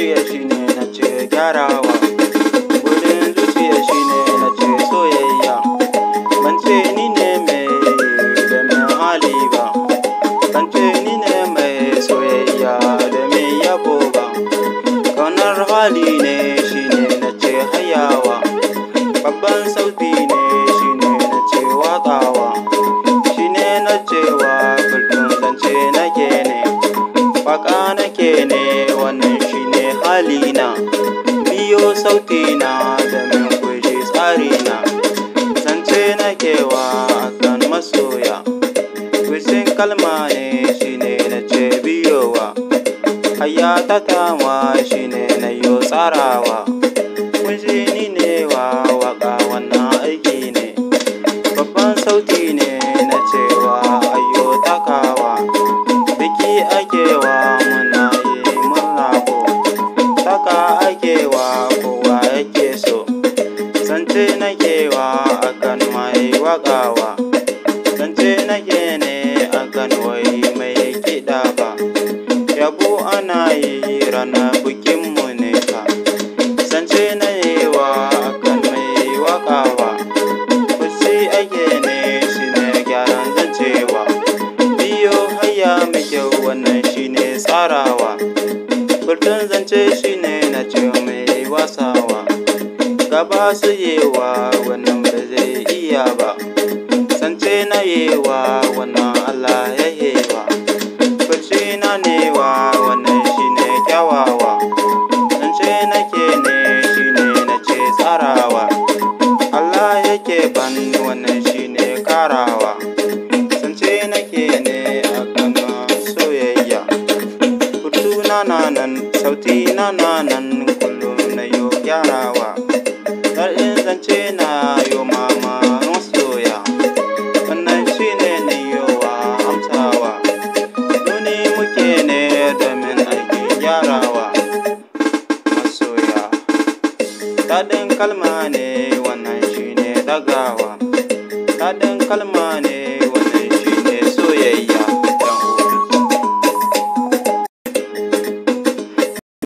zuciya shine na ce gyarawa gudun zuciya shine na ce soyayya ban ce ni ne mai da mai hali ba ban ce ni ne mai soyayya da mai yabo ba kaunar hali ne shine na ce hayawa babban sauti ne shine na ce waƙawa shine na cewa kullum zance na gene na biyo sauti na domin kushi tsari na zance na kewa akan masoya wisin kalma ne shine na ce biyowa hayata ta shi ne na yi tsarawa na kewa akan mai San zance nake ne akan wai mai kiɗa ba yabo ana yi ranar mu ne fa zance na yewa akan mai wagawa fusi ake ne shi ne gyaran zancewa biyo haya mai kyau wannan shi ne tsarawa furtun zance shi ne na ce mai wasawa gaba su yewa wannan ba zai iya ba sance na yewa wannan Allah ya yewa fushi na newa wannan shi ne kyawawa sance na ke ne shi ne na ce tsarawa Allah yake ban wannan shi ne karawa sance na ke ne a gama soyayya kutu na nan sauti na nan kullum na yo gyarawa daɗin kalma ne wannan shine dagawa daɗin kalma ne